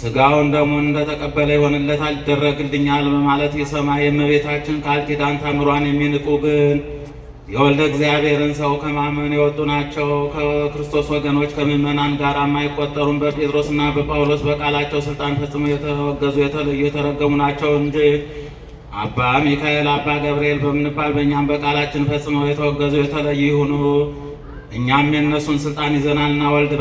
ስጋውን ደሙን እንደተቀበለ ይሆንለታል ይደረግልኛል በማለት የሰማይ የእመቤታችን ቃል ኪዳን ታምሯን የሚንቁ ግን የወልደ እግዚአብሔርን ሰው ከማመን የወጡ ናቸው። ከክርስቶስ ወገኖች ከምእመናን ጋር የማይቆጠሩም በጴጥሮስና በጳውሎስ በቃላቸው ስልጣን ፈጽመው የተወገዙ የተለዩ የተረገሙ ናቸው እንጂ አባ ሚካኤል አባ ገብርኤል በምንባል በእኛም በቃላችን ፈጽመው የተወገዙ የተለዩ ይሁኑ። እኛም የእነሱን ስልጣን ይዘናልና ወልድ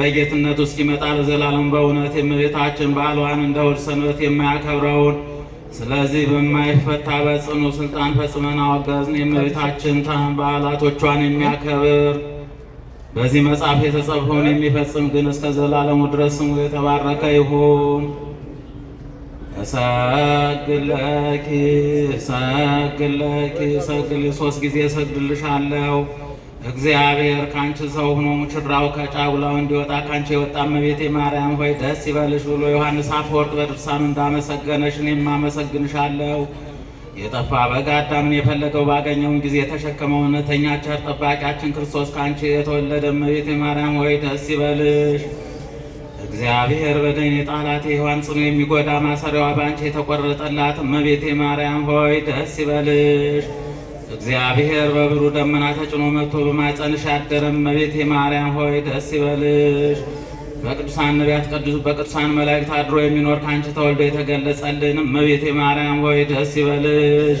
በጌትነቱ እስኪመጣ ለዘላለም በእውነት የእመቤታችን በዓሏን እንደ እሑድ ሰንበት የማያከብረውን ስለዚህ በማይፈታ በጽኑ ስልጣን ፈጽመን አወገዝን። የእመቤታችን ታን በዓላቶቿን የሚያከብር በዚህ መጽሐፍ የተጻፈውን የሚፈጽም ግን እስከ ዘላለሙ ድረስ ስሙ የተባረከ ይሁን። እሰግድለኪ እሰግድለኪ እሰግድልሽ ሶስት ጊዜ እሰግድልሻለሁ እግዚአብሔር ካንቺ ሰው ሆኖ ሙሽራው ከጫጉላው እንዲወጣ ካንቺ የወጣ እመቤቴ ማርያም ሆይ ደስ ይበልሽ ብሎ ዮሐንስ አፈወርቅ በድርሳኑ እንዳመሰገነሽ እኔም አመሰግንሻለሁ። የጠፋ በግ አዳምን የፈለገው ባገኘውን ጊዜ የተሸከመው እውነተኛ ቸር ጠባቂያችን ክርስቶስ ካንቺ የተወለደ እመቤቴ ማርያም ሆይ ደስ ይበልሽ። እግዚአብሔር በደኔ ጣላት የሔዋን ጽኑ የሚጎዳ ማሰሪያዋ ባንቺ የተቆረጠላት እመቤቴ ማርያም ሆይ ደስ ይበልሽ። እግዚአብሔር በብሩ ደመና ተጭኖ መጥቶ በማጸንሽ ያደረም እመቤቴ ማርያም ሆይ ደስ ይበልሽ። በቅዱሳን ነቢያት፣ በቅዱሳን መላእክት አድሮ የሚኖር ከአንቺ ተወልዶ የተገለጸልን እመቤቴ ማርያም ሆይ ደስ ይበልሽ።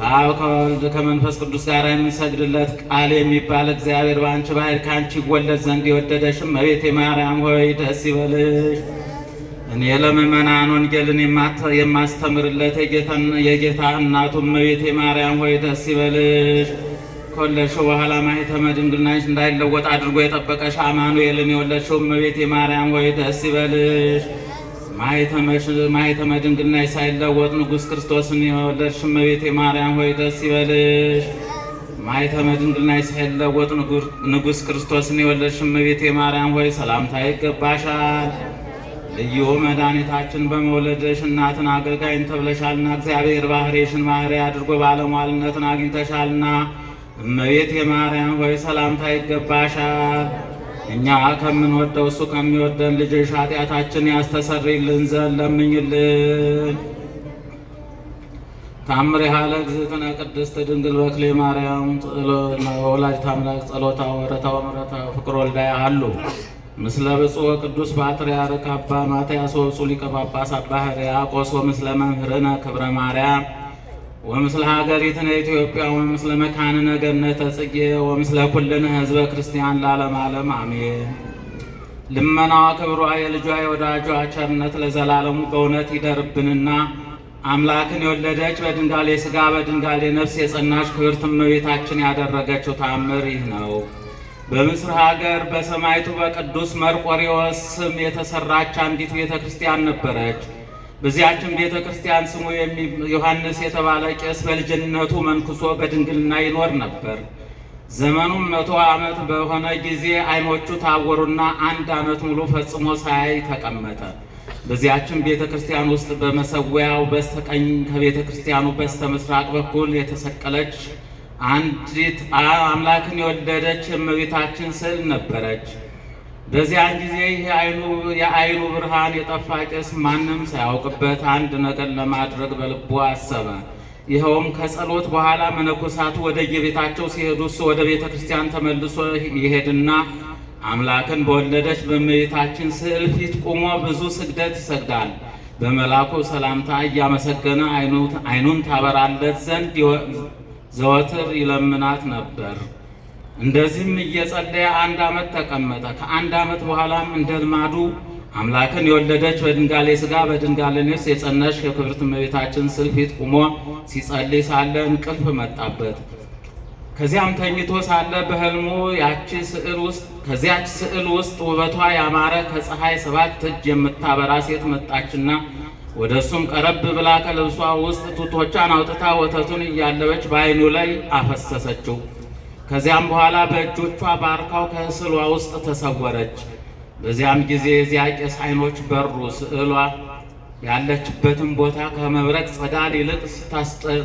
ከአብ ከወልድ ከመንፈስ ቅዱስ ጋር የሚሰግድለት ቃል የሚባል እግዚአብሔር በአንቺ ባህር ከአንቺ ይወለድ ዘንድ የወደደሽ እመቤቴ ማርያም ሆይ ደስ ይበልሽ። እኔ ለምእመናን ወንጌልን የማስተምርለት የጌታ እናቱ እመቤቴ ማርያም ሆይ ደስ ይበልሽ። ከወለድሽው በኋላ ማኅተመ ድንግልናሽ እንዳይለወጥ አድርጎ የጠበቀሽ አማኑኤልን የወለድሽው እመቤቴ ማርያም ሆይ ደስ ይበልሽ። ማኅተመ ድንግልናሽ ሳይለወጥ ንጉሥ ክርስቶስን የወለድሽ እመቤቴ ማርያም ሆይ ደስ ይበልሽ። ማኅተመ ድንግልናሽ ሳይለወጥ ንጉሥ ክርስቶስን የወለድሽ እመቤቴ ማርያም ሆይ ሰላምታ ይገባሻል። ልዩ መድኃኒታችን በመውለደሽ እናትን አገልጋይን ተብለሻልና እግዚአብሔር ባህሬሽን ማህሪ አድርጎ ባለሟልነትን አግኝተሻልና እመቤት የማርያም ሆይ ሰላምታ ይገባሻል። እኛ ከምንወደው እሱ ከሚወደን ልጅሽ ኃጢአታችን ያስተሰርይልን ዘንድ ለምኝልን። ታምሪሃ ለእግዝእትነ ቅድስት ድንግል በክሌ ማርያም ወላዲተ አምላክ ጸሎታ ወረታ ወምረታ ፍቅር ወልዳያ አሉ ምስለ ብፁዕ ቅዱስ ባጥርያ ርክ አባ ማትያስ ወብፁዕ ሊቀ ጳጳስ አባ ሕርያቆስ ወምስለ መምህርነ ክብረ ማርያም ወምስለ ሀገሪትነ ኢትዮጵያ ወምስለ መካንነ ገነተ ጽጌ ወምስለ ኩልነ ህዝበ ክርስቲያን ለዓለመ ዓለም አሜን። ልመናዋ ክብሯ የልጇ የወዳጇ ቸርነት ለዘላለሙ በእውነት ይደርብንና አምላክን የወለደች በድንጋሌ ሥጋ በድንጋሌ ነፍስ የጸናች ክብርት እመቤታችን ያደረገችው ታምር ይህ ነው። በምስር ሀገር በሰማይቱ በቅዱስ መርቆሪዎስ ስም የተሰራች አንዲት ቤተ ክርስቲያን ነበረች። በዚያችን ቤተ ክርስቲያን ስሙ ዮሐንስ የተባለ ቄስ በልጅነቱ መንኩሶ በድንግልና ይኖር ነበር። ዘመኑም መቶ ዓመት በሆነ ጊዜ ዓይኖቹ ታወሩና አንድ ዓመት ሙሉ ፈጽሞ ሳያይ ተቀመጠ። በዚያችን ቤተ ክርስቲያን ውስጥ በመሰዊያው በስተቀኝ ከቤተ ክርስቲያኑ በስተ ምስራቅ በኩል የተሰቀለች አንዲት አምላክን የወለደች እመቤታችን ስዕል ነበረች። በዚያን ጊዜ የአይኑ ብርሃን የጠፋ ቄስ ማንም ሳያውቅበት አንድ ነገር ለማድረግ በልቡ አሰበ። ይኸውም ከጸሎት በኋላ መነኮሳቱ ወደ የቤታቸው ሲሄዱ እሱ ወደ ቤተ ክርስቲያን ተመልሶ ይሄድና አምላክን በወለደች በእመቤታችን ስዕል ፊት ቆሞ ብዙ ስግደት ይሰግዳል። በመልአኩ ሰላምታ እያመሰገነ አይኑን ታበራለት ዘንድ ዘወትር ይለምናት ነበር። እንደዚህም እየጸለየ አንድ ዓመት ተቀመጠ። ከአንድ ዓመት በኋላም እንደ ልማዱ አምላክን የወለደች በድንጋሌ ሥጋ በድንጋሌ ነፍስ የጸነሽ የክብርት እመቤታችን ስዕል ፊት ቆሞ ሲጸልይ ሳለ እንቅልፍ መጣበት። ከዚያም ተኝቶ ሳለ በሕልሙ ያቺ ስዕል ውስጥ ከዚያች ስዕል ውስጥ ውበቷ ያማረ ከፀሐይ ሰባት እጅ የምታበራ ሴት መጣችና ወደ እሱም ቀረብ ብላ ከልብሷ ውስጥ ጡቶቿን አውጥታ ወተቱን እያለበች በዓይኑ ላይ አፈሰሰችው። ከዚያም በኋላ በእጆቿ ባርካው ከስዕሏ ውስጥ ተሰወረች። በዚያም ጊዜ የዚያ ቄስ ዓይኖች በሩ። ስዕሏ ያለችበትን ቦታ ከመብረቅ ጸዳል ይልቅ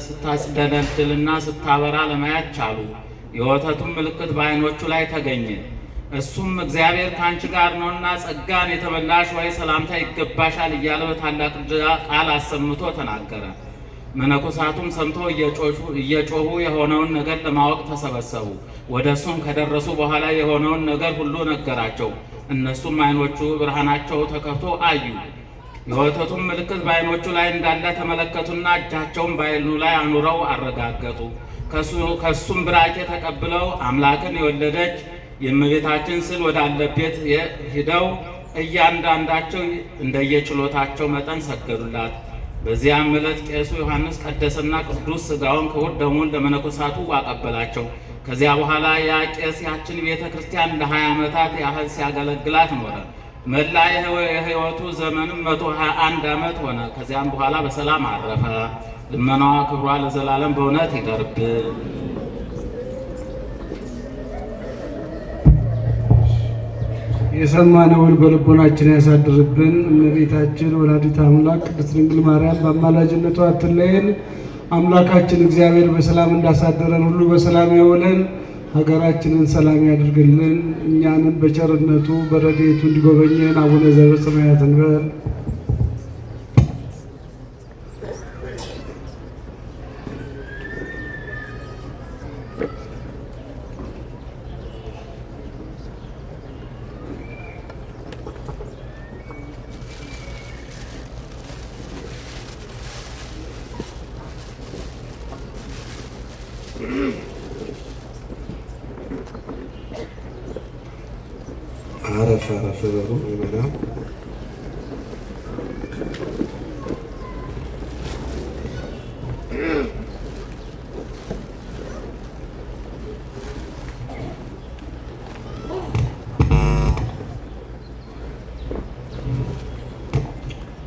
ስታስደነድልና ስታበራ ለማያት ቻሉ። የወተቱን ምልክት በዓይኖቹ ላይ ተገኘ። እሱም እግዚአብሔር ከአንቺ ጋር ነውና ጸጋን የተመላሽ ወይ ሰላምታ ይገባሻል እያለ በታላቅ ቃል አሰምቶ ተናገረ። መነኮሳቱም ሰምቶ እየጮሁ የሆነውን ነገር ለማወቅ ተሰበሰቡ። ወደ እሱም ከደረሱ በኋላ የሆነውን ነገር ሁሉ ነገራቸው። እነሱም አይኖቹ ብርሃናቸው ተከፍቶ አዩ። የወተቱን ምልክት በአይኖቹ ላይ እንዳለ ተመለከቱና እጃቸውን በአይኑ ላይ አኑረው አረጋገጡ። ከሱም ብራቄ ተቀብለው አምላክን የወለደች የእመቤታችን ስዕል ወዳለበት ሂደው እያንዳንዳቸው እንደየችሎታቸው መጠን ሰገዱላት። በዚያም ዕለት ቄሱ ዮሐንስ ቀደሰና ቅዱስ ሥጋውን ክቡር ደሙን ለመነኮሳቱ አቀበላቸው። ከዚያ በኋላ ያ ቄስ ያችን ቤተ ክርስቲያን ለ20 ዓመታት ያህል ሲያገለግላት ኖረ። መላ የሕይወቱ ዘመንም 121 ዓመት ሆነ። ከዚያም በኋላ በሰላም አረፈ። ልመናዋ ክብሯ ለዘላለም በእውነት ይደርብ። የሰማነውን በልቦናችን ያሳድርብን። እመቤታችን ወላዲት አምላክ ቅድስት ድንግል ማርያም በአማላጅነቷ አትለየን። አምላካችን እግዚአብሔር በሰላም እንዳሳደረን ሁሉ በሰላም ያውለን። ሀገራችንን ሰላም ያድርግልን። እኛንም በቸርነቱ በረድኤቱ እንዲጎበኘን አቡነ ዘበሰማያት እንበል። አረፍ አረፍ በሩ ምዕመናን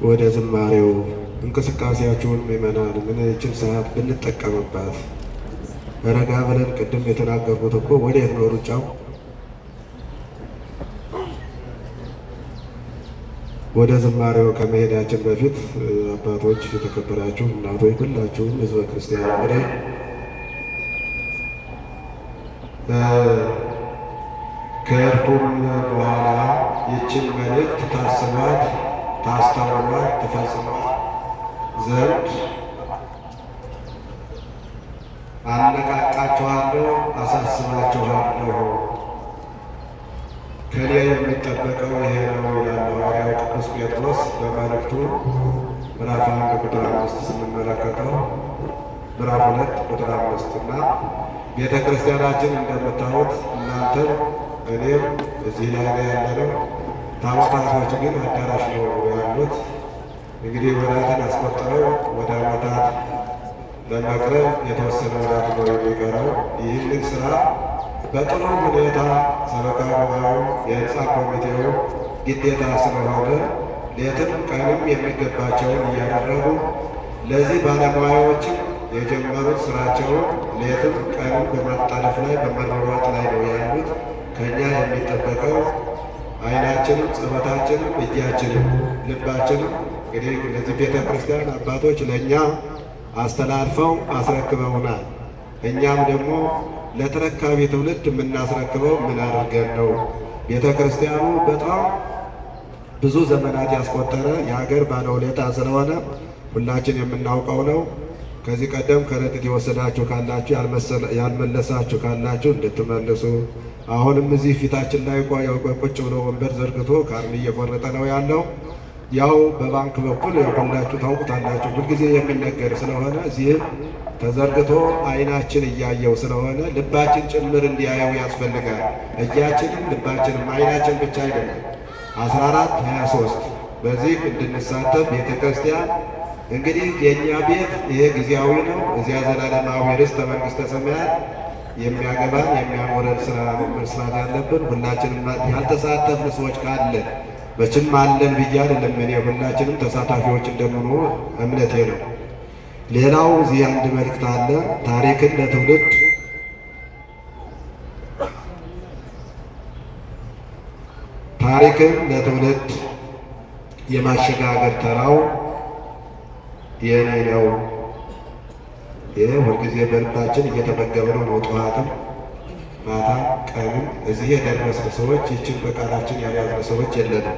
ወደ ዝማሬው እንቅስቃሴያችሁን ምዕመናን ምን ይህችን ሰዓት ብንጠቀምባት ረጋ ብለን ቅድም የተናገርኩት እኮ ወደ የት ነው ሩጫው? ወደ ዝማሬው ከመሄዳችን በፊት አባቶች፣ የተከበራችሁ እናቶች፣ ሁላችሁም ህዝበ ክርስቲያን ላይ ከእርቱም በኋላ ይችን መልእክት ታስባት ታስተውሏት ተፈጽሟት ዘንድ አነቃቃችኋለሁ፣ አሳስባችኋለሁ። ከእኔ የሚጠበቀው ይሄ ነው ይላል ሐዋርያው ቅዱስ ጴጥሮስ በመልእክቱ ምዕራፍ አንድ ቁጥር አምስት ስንመለከተው ምዕራፍ ሁለት ቁጥር አምስት እና ቤተ ክርስቲያናችን እንደምታዩት እናንተም እኔም እዚህ ላይ ነው ያለነው። ታቦታቶች ግን አዳራሽ ነው ያሉት። እንግዲህ ወራትን አስቆጥረው ወደ ዓመታት ለመቅረብ የተወሰነ ወራት ነው የሚቀረው። ይህንን ስራ በጥሩ ሁኔታ ሰበካ ጉባኤው ኮሚቴው ግዴታ ስለሆነ ሌትም ቀንም የሚገባቸውን እያደረጉ ለዚህ ባለሙያዎችም የጀመሩት ስራቸውን ሌትም ቀንም በማጣለፍ ላይ በመረሯት ላይ ነው ያሉት። ከእኛ የሚጠበቀው አይናችንም፣ ጽበታችንም፣ እጃችንም፣ ልባችንም እንግዲህ እነዚህ ቤተ ክርስቲያን አባቶች ለእኛ አስተላልፈው አስረክበውናል። እኛም ደግሞ ለተረካቢ ትውልድ የምናስረክበው ምን አድርገን ነው? ቤተ ክርስቲያኑ በጣም ብዙ ዘመናት ያስቆጠረ የሀገር ባለውለታ ስለሆነ ሁላችን የምናውቀው ነው። ከዚህ ቀደም ከረጢት የወሰዳችሁ ካላችሁ ያልመለሳችሁ ካላችሁ እንድትመልሱ፣ አሁንም እዚህ ፊታችን ላይ ቋ ቁጭ ብሎ ወንበር ዘርግቶ ካርኒ እየቆረጠ ነው ያለው። ያው በባንክ በኩል ያው ሁላችሁ ታውቁታላችሁ፣ ሁልጊዜ የሚነገር ስለሆነ እዚህ ተዘርግቶ አይናችን እያየው ስለሆነ ልባችን ጭምር እንዲያየው ያስፈልጋል። እጃችንም ልባችንም አይናችን ብቻ አይደለም። 14 23 በዚህ እንድንሳተፍ ቤተ ክርስቲያን እንግዲህ የእኛ ቤት ይሄ ጊዜያዊ ነው። እዚያ ዘላለማዊ ርስተ መንግሥተ ሰማያት የሚያገባን የሚያኖረን ስራ መስራት ያለብን ሁላችንም ያልተሳተፍን ሰዎች ካለን መቼም አለን ብዬ አይደለም እኔ ሁላችንም ተሳታፊዎች እንደምንሆኑ እምነቴ ነው። ሌላው እዚህ አንድ መልእክት አለ። ታሪክን ለትውልድ ታሪክን ለትውልድ የማሸጋገር ተራው የኔ ነው። ይህ ሁልጊዜ በልባችን እየተመገብነው ነው ጠዋትም ማታ ቀንም እዚህ የደረሰ ሰዎች ይችን በቃላችን ያልያዝን ሰዎች የለንም።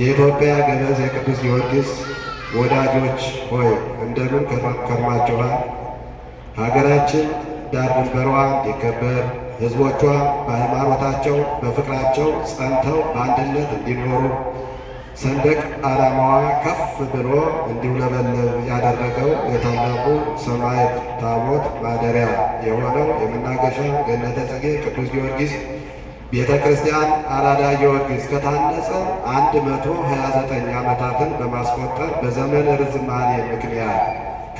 የኢትዮጵያ ገበዝ የቅዱስ ጊዮርጊስ ወዳጆች ሆይ እንደምን ከርማችኋል? ሀገራችን ዳር ድንበሯ እንዲከበር ህዝቦቿ በሃይማኖታቸው በፍቅራቸው ጸንተው በአንድነት እንዲኖሩ ሰንደቅ ዓላማዋ ከፍ ብሎ እንዲውለበለብ ያደረገው የታላቁ ሰማዕት ታቦት ማደሪያ የሆነው የመናገሻ ገነተ ጽጌ ቅዱስ ጊዮርጊስ ቤተ ክርስቲያን አራዳ ጊዮርጊስ ከታነጸ አንድ መቶ ሀያ ዓመታትን በማስቆጠር በዘመን ርዝማኔ ምክንያት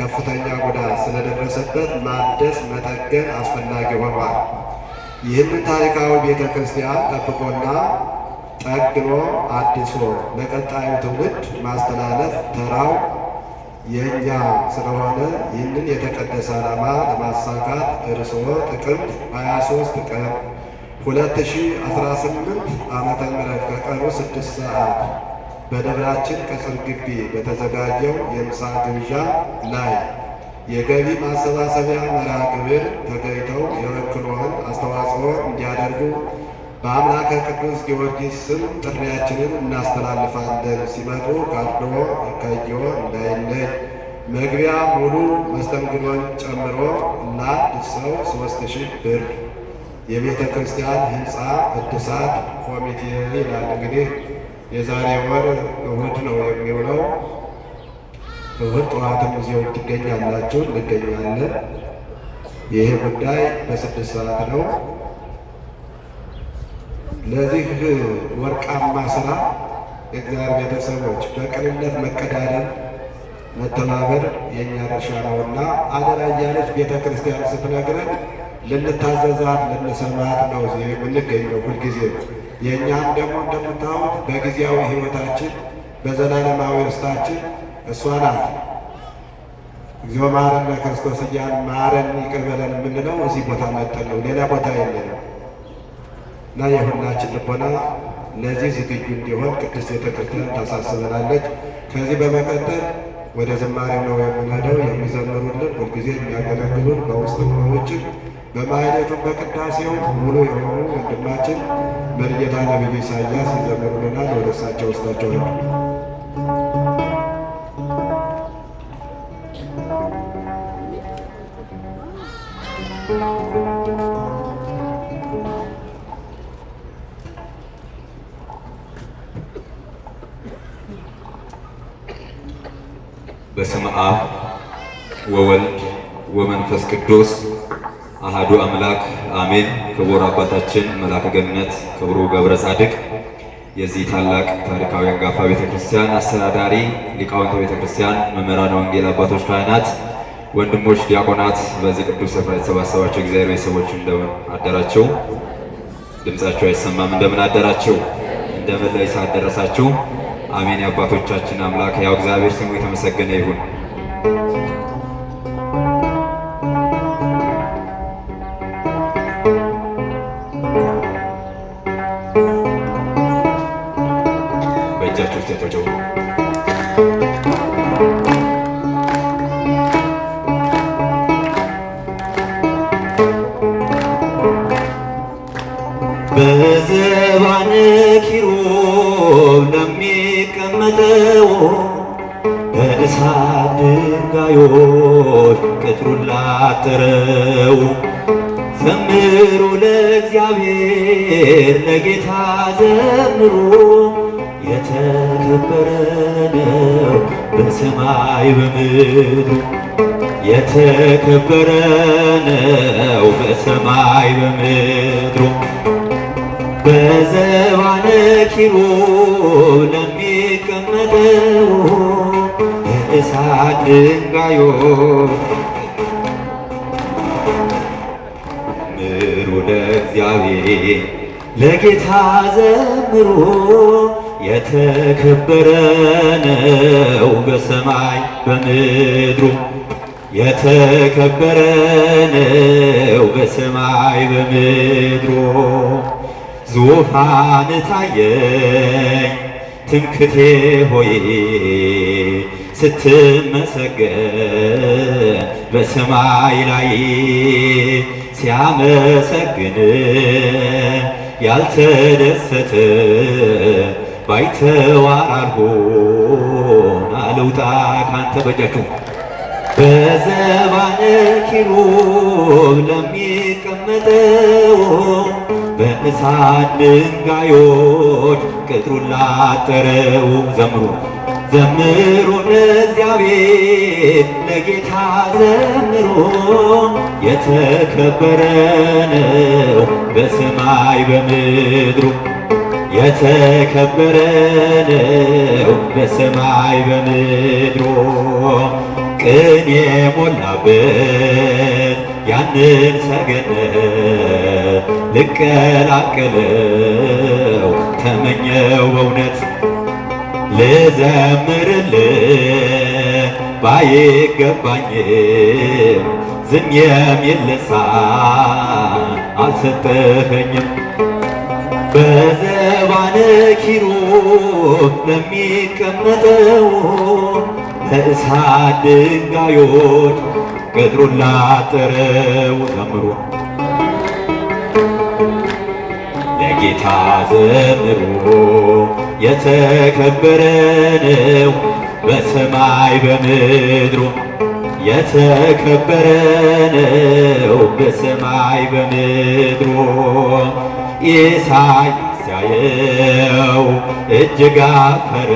ከፍተኛ ጉዳት ስለደረሰበት ማደስ መጠገን አስፈላጊ ሆኗል። ይህንን ታሪካዊ ቤተ ክርስቲያን ጠብቆና ጠግኖ አድሶ ለቀጣዩ ትውልድ ማስተላለፍ ተራው የእኛ ስለሆነ ይህንን የተቀደሰ ዓላማ ለማሳካት እርስዎ ጥቅምት 23 ቀን 2018 ዓመተ ምህረት ከቀኑ 6 ሰዓት በደብራችን ቅጽር ግቢ በተዘጋጀው የምሳ ግብዣ ላይ የገቢ ማሰባሰቢያ መርሃ ግብር ተገኝተው የበኩልዎን አስተዋጽኦ እንዲያደርጉ በአምላከ ቅዱስ ጊዮርጊስ ስም ጥሪያችንን እናስተላልፋለን። ሲመጡ ካድኖ ከዮ እንዳይለይ መግቢያ ሙሉ መስተንግዶን ጨምሮ ለአንድ ሰው ሦስት ሺህ ብር የቤተ ክርስቲያን ሕንፃ እድሳት ኮሚቴ ይላል። እንግዲህ የዛሬ ወር እሁድ ነው የሚውለው። እሑድ ጠዋትም እዚያው ትገኛላችሁ፣ እንገኛለን። ይሄ ጉዳይ በስድስት ሰዓት ነው። ለዚህ ወርቃማ ስራ የእግዚአብሔር ቤተሰቦች በቅንነት መቀዳደም፣ መተባበር የእኛ ድርሻ ነውና አደራ እያለች ቤተ ክርስቲያን ስትነግረን ልንታዘዛት ልንሰማት ነው የምንገኘው ሁልጊዜ። የእኛም ደግሞ እንደምታዩት በጊዜያዊ ህይወታችን በዘላለማዊ ርስታችን እሷ ናት። እግዚኦ መሐረነ ክርስቶስ እያን ማረን ይቅር በለን የምንለው እዚህ ቦታ መጠን ነው፣ ሌላ ቦታ የለንም። እና የሁላችን ልቦና ለዚህ ዝግጁ እንዲሆን ቅድስት ቤተ ክርስቲያን ታሳስበናለች። ከዚህ በመቀጠል ወደ ዝማሬው ነው የምንሄደው። የሚዘምሩልን ሁልጊዜ የሚያገለግሉን በውስጥም በውጭም በማኅሌቱም በቅዳሴው ሙሉ የሆኑ ወንድማችን መሪጌታ ነቢዩ ኢሳያስ ይዘምሩልናል። ወደ እሳቸው ወስዳቸው ነው። አብ ወወልድ ወመንፈስ ቅዱስ አህዱ አምላክ አሜን። ክቡር አባታችን መልአከ ገነት ክብሩ ገብረ ጻድቅ የዚህ ታላቅ ታሪካዊ አንጋፋ ቤተክርስቲያን አስተዳዳሪ፣ ሊቃውንተ ቤተክርስቲያን፣ መምህራነ ወንጌል፣ አባቶች ካህናት፣ ወንድሞች ዲያቆናት፣ በዚህ ቅዱስ ስፍራ የተሰባሰባቸው እግዚአብሔር ቤተሰቦች እንደምን አደራቸው? ድምጻቸው አይሰማም። እንደምን አደራቸው? እንደምን ላይ ሳደረሳቸው። አሜን። የአባቶቻችን አምላክ ያው እግዚአብሔር ስሙ የተመሰገነ ይሁን። ነው በሰማይ በምድሩ በዘባነ ኪሩብ ለሚቀመጠው የእሳት ድንጋዮ ምሩ ለእግዚአብሔር ለጌታ ዘምሩ የተከበረ ነው በሰማይ በምድሩ የተከበረ ነው በሰማይ በምድሮ ዙፋን ታየኝ ትምክቴ ሆይ ስትመሰገን በሰማይ ላይ ሲያመሰግን ያልተደሰተ ባይተዋራርሆ አልሆን አልውጣ ካንተ በጃችሁ በዘባነ ኪሩብ ለሚቀመጠው በእሳት ድንጋዮች ቅጥሩን ላጠረው ዘምሩ ዘምሩ ለእግዚአብሔር ለጌታ ዘምሩ የተከበረ ነው በሰማይ በምድሩ የተከበረ ነው በሰማይ በምድሩ ቅን የሞላበት ያንን ሰገነት ልቀላቅለው ተመኘው በእውነት ልዘምርል ባይገባኝም ዝም የሚል ልሳን አልሰጠኸኝም። በዘባነ ኪሩብ ለሚቀመጠው ከእሳት ድንጋዮች ቅጥሩን ላጠረው ዘምሩ ለጌታ ዘምሩ የተከበረነው በሰማይ በምድሩ የተከበረነው በሰማይ በምድሩ ኢሳይ ሲያየው እጅግ አፈረ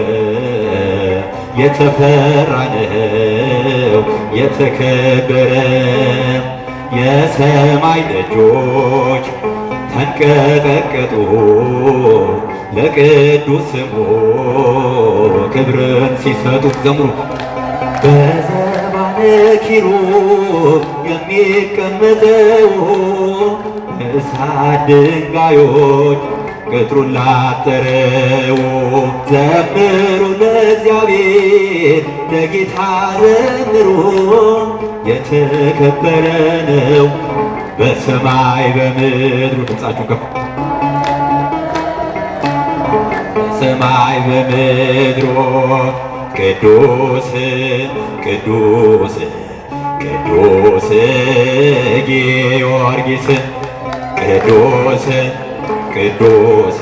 የተፈራ የተፈራነው የተከበረ የሰማይ ደጆች ተንቀጠቀጡ ለቅዱስ ስሙ ክብርን ሲሰጡ ዘምሩ በዘባነ ኪሩብ የሚቀመጠው እሳት ድንጋዮች ቅጥሩን ላጠረው ዘምሩ ለእግዚአብሔር ለጌታ ዘምሩ የተከበረ ነው በሰማይ በምድር ድምፃችሁን ከፍ በሰማይ በምድር ቅዱስ ቅዱስ ቅዱስ ጊዮርጊስ ቅዱስ ቅዱስ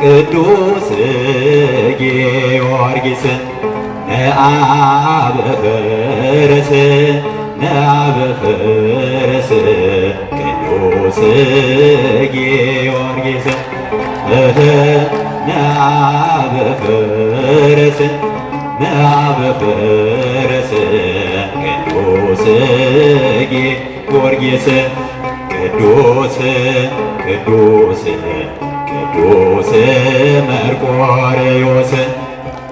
ቅዱስ ጊዮርጊስ ነአበፈረስ ነአበፈረስ ቅዱስ ጊዮርጊስ ነአበፈረስ ነአበፈረስ ቅዱስ ጊዮርጊስ ቅዱስ ቅዱስ ቅዱስ መርቆሬዎስ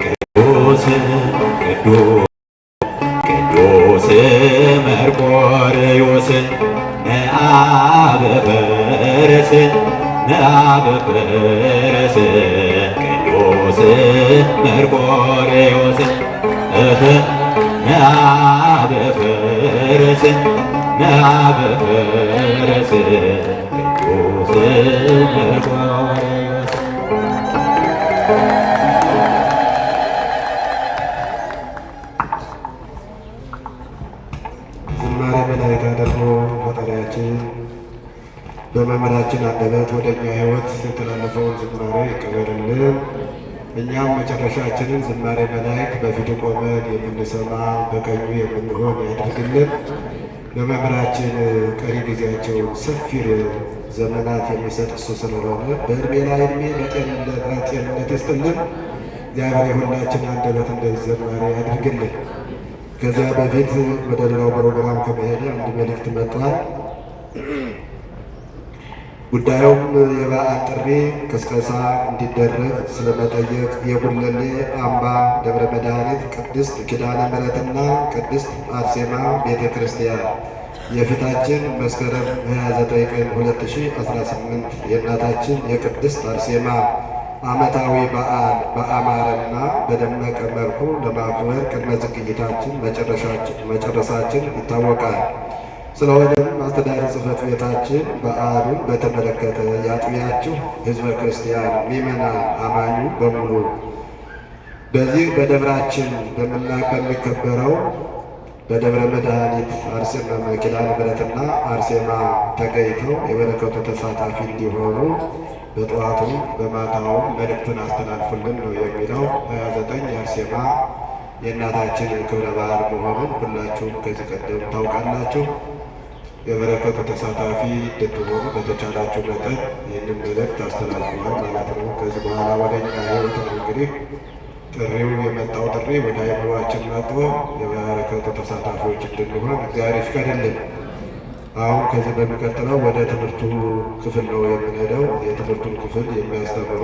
ቅዱስ ቅዱስ ቅዱስ መርቆሬዎስ ነአ በፈረስ ነአ በፈረስ ቅዱስ መርቆሬዎስ ነአ በፈረስ ነአ በፈረስ ዝማሬ መላእክት ደግሞ በጠሪያችን በመምህራችን አንደበት ወደ እኛ ሕይወት የተላለፈውን ዝማሬ ይቀበልልን። እኛም መጨረሻችንን ዝማሬ መላእክት በፊቱ ቆመን የምንሰማ በቀኙ የምንሆን ያድርግልን። በመምህራችን ቀሪ ጊዜያቸውን ሰፊ ዘመናት የሚሰጥ እሱ ስለሆነ በእድሜ ላይ እድሜ በጤንነት ላይ ጤንነት ይስጥልን። እግዚአብሔር የሁላችን አንደበት እንደዚህ ዘማሪ ያድርግልን። ከዚያ በፊት ወደ ሌላው ፕሮግራም ከመሄደ አንድ መልእክት መጥቷል። ጉዳዩም የበዓል ጥሪ ቅስቀሳ እንዲደረግ ስለመጠየቅ የጉለሌ አምባ ደብረ መድኃኒት ቅድስት ኪዳነ ምሕረትና ቅድስት አርሴማ ቤተ ክርስቲያን የፊታችን መስከረም 29 ቀን 2018 የእናታችን የቅድስት አርሴማ ዓመታዊ በዓል በአማረና በደመቀ መልኩ ለማክበር ቅድመ ዝግጅታችን መጨረሳችን ይታወቃል። ስለሆነም አስተዳደር ጽሕፈት ቤታችን በዓሉን በተመለከተ ያጥቢያችሁ ሕዝበ ክርስቲያን ሚመና አማኙ በሙሉ በዚህ በደብራችን በሚከበረው በደብረ መድኃኒት አርሴማ ኪዳነ ምሕረትና አርሴማ ተገኝተው የበረከቱ ተሳታፊ እንዲሆኑ በጠዋቱ በማታውም መልእክትን አስተላልፉልን ነው የሚለው። ሀያ ዘጠኝ አርሴማ የእናታችን ክብረ በዓል መሆኑን ሁላችሁም ከዚህ ቀደም ታውቃላችሁ። የበረከቱ ተሳታፊ እንድትሆኑ በተቻላችሁ መጠን ይህንን መልእክት አስተላልፈዋል ማለት ነው። ከዚህ በኋላ ወደኛ ህይወት ነው እንግዲህ ጥሪው የመጣው ጥሪ ወደ አእምሯችን መጥቶ የበረከቱ ተሳታፊዎች እንድንሆን እግዚአብሔር ይፍቀድልን። አሁን ከዚህ በሚቀጥለው ወደ ትምህርቱ ክፍል ነው የምንሄደው። የትምህርቱን ክፍል የሚያስተምሩ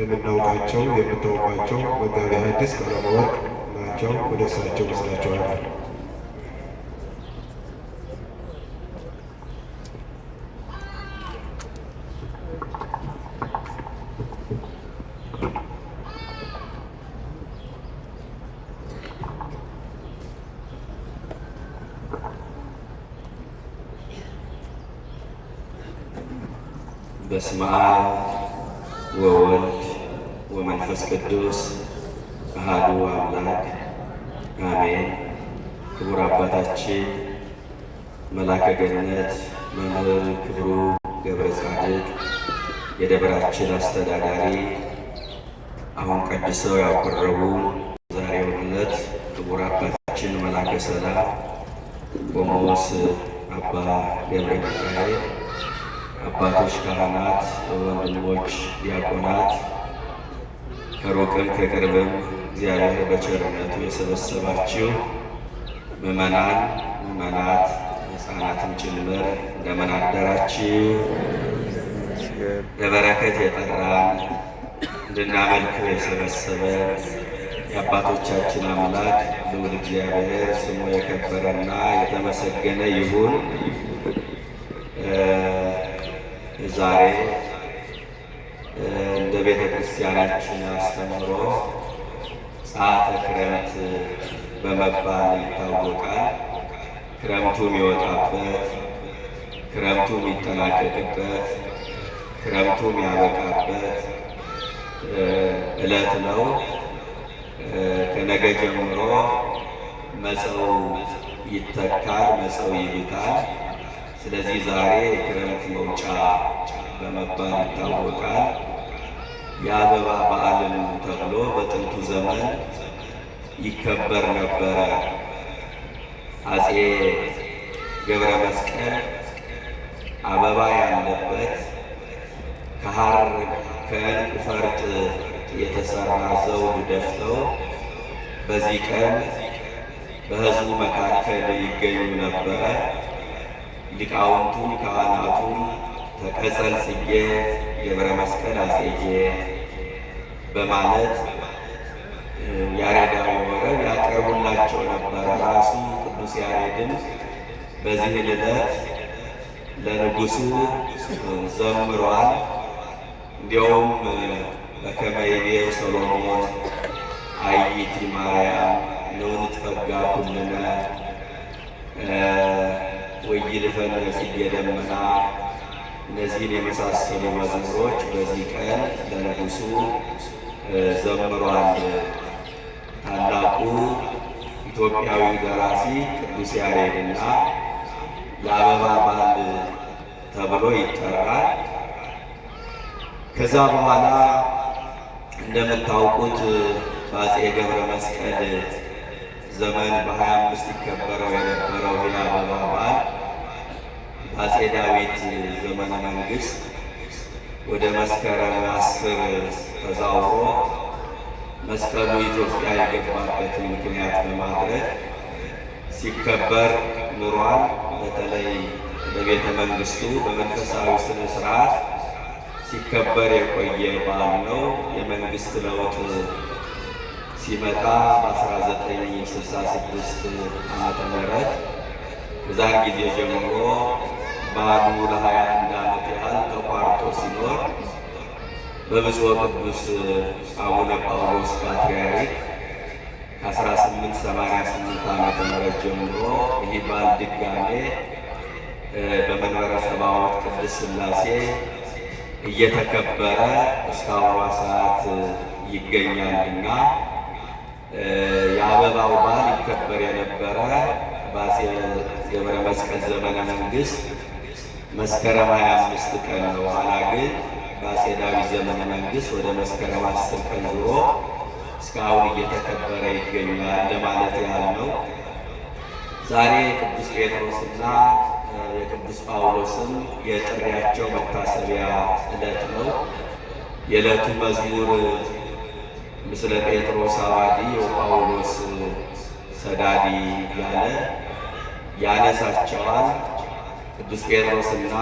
የምናውቃቸው የምታውቋቸው መጋቢ ሐዲስ ቀለመወርቅ ናቸው። ወደ እሳቸው ወስዳቸዋል። በስመ አብ ወወልድ ወመንፈስ ቅዱስ አሐዱ አምላክ አሜን። ክቡር አባታችን መላከ ገነት መምህር ክብሩ ገብረ ጻድቅ የደብራችን አስተዳዳሪ አሁን ቀድሰው ያቀረቡን ዛሬውን ዕለት ክቡር አባታችን መላከ ሰላም ቆሞስ አባ ገብረ ሚካኤል አባቶች ካህናት፣ ወንድሞች ዲያቆናት፣ ከሩቅም ከቅርብም እግዚአብሔር በቸርነቱ የሰበሰባችሁ ምዕመናን፣ ምዕመናት፣ ሕፃናትም ጭምር እንደምን አደራችሁ። ለበረከት የጠራን እንድናመልከው የሰበሰበ የአባቶቻችን አምላክ ልዑል እግዚአብሔር ስሙ የከበረና የተመሰገነ ይሁን። ዛሬ እንደ ቤተ ክርስቲያናችን አስተምሮ ጸአተ ክረምት በመባል ይታወቃል። ክረምቱ የሚወጣበት፣ ክረምቱ የሚጠናቀቅበት፣ ክረምቱ የሚያበቃበት እለት ነው። ከነገ ጀምሮ መጸው ይተካል፣ መጸው ይብታል። ስለዚህ ዛሬ የክረምት መውጫ በመባል ይታወቃል። የአበባ በዓልን ተብሎ በጥንቱ ዘመን ይከበር ነበረ። አፄ ገብረ መስቀል አበባ ያለበት ከሐር ከእንቁ ፈርጥ የተሰራ ዘውድ ደፍተው በዚህ ቀን በሕዝቡ መካከል ይገኙ ነበረ። ሊቃውንቱ ካህናቱ ተቀጸል ስዬ ገብረ መስቀል አጼዬ በማለት ያሬዳዊ ወረብ ያቀርቡላቸው ነበረ። ራሱ ቅዱስ ያሬድን በዚህ ዕለት ለንጉሱ ዘምሯል። እንዲያውም በከመ ይቤ ሰሎሞን የፈለገ ጽጌ ደመና እነዚህን የመሳሰሉ መዝሙሮች በዚህ ቀን ለንጉሱ ዘምሯል። ታላቁ ኢትዮጵያዊ ደራሲ ቅዱስ ያሬድና ለአበባ በዓል ተብሎ ይጠራል። ከዛ በኋላ እንደምታውቁት በአፄ ገብረ መስቀል ዘመን በ25 ይከበረው የነበረው የአበባ በዓል አጼ ዳዊት ዘመነ መንግስት ወደ መስከረም አስር ተዛውሮ መስቀሉ ኢትዮጵያ የገባበትን ምክንያት በማድረግ ሲከበር ኑሯል። በተለይ በቤተ መንግስቱ በመንፈሳዊ ስነ ስርዓት ሲከበር የቆየ በዓል ነው። የመንግስት ለውጥ ሲመጣ በ1966 ዓ ምህረት ከዛን ጊዜ ጀምሮ በዓሉ ለሀያ አንድ ዓመት ያህል ተቋርጦ ሲኖር በብፁዕ ቅዱስ አቡነ ጳውሎስ ፓትርያርክ ከ1888 ዓመተ ምህረት ጀምሮ ይህ በዓል ድጋሜ በመንበረ ጸባዖት ቅድስት ሥላሴ እየተከበረ እስከ አሁኗ ሰዓት ይገኛልና የአበባው በዓል ይከበር የነበረ በአፄ ገብረ መስቀል ዘመነ መንግስት መስከረም 25 ቀን ነው። ኋላ ግን በአፄ ዳዊት ዘመነ መንግስት ወደ መስከረም 10 ቀን ዞሮ እስካሁን እየተከበረ ይገኛል ለማለት ያህል ነው። ዛሬ ቅዱስ ጴጥሮስና የቅዱስ ጳውሎስም የጥሪያቸው መታሰቢያ ዕለት ነው። የዕለቱ መዝሙር ምስለ ጴጥሮስ አዋዲ የጳውሎስ ሰዳዲ ያለ ያነሳቸዋል። ቅዱስ ጴጥሮስና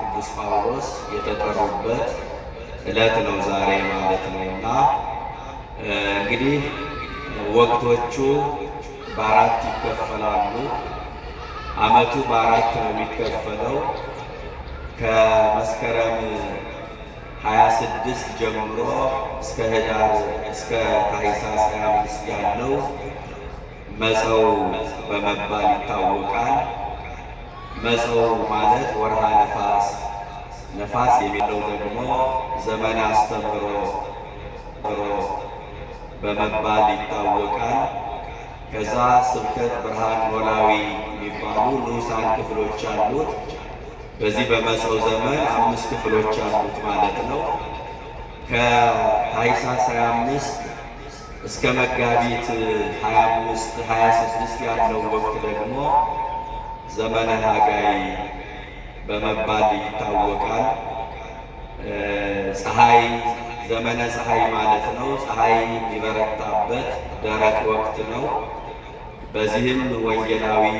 ቅዱስ ጳውሎስ የተጠሩበት ዕለት ነው ዛሬ ማለት ነው። እና እንግዲህ ወቅቶቹ በአራት ይከፈላሉ። ዓመቱ በአራት ነው የሚከፈለው። ከመስከረም 26 ጀምሮ እስከ ህዳር እስከ ታኅሳስ 25 ያለው መጸው በመባል ይታወቃል። መፀው ማለት ወርሃ ነፋስ ነፋስ የሚለው ደግሞ ዘመን አስተምህሮ በመባል ይታወቃል። ከዛ ስብከት ብርሃን ኖላዊ የሚባሉ ንዑሳን ክፍሎች አሉት። በዚህ በመፀው ዘመን አምስት ክፍሎች አሉት ማለት ነው። ከታኅሳስ 25 እስከ መጋቢት 25 26 ያለው ወቅት ደግሞ ዘመነ ሐጋይ በመባል ይታወቃል። ፀሐይ ዘመነ ፀሐይ ማለት ነው። ፀሐይ የሚበረታበት ደረቅ ወቅት ነው። በዚህም ወንጌላዊ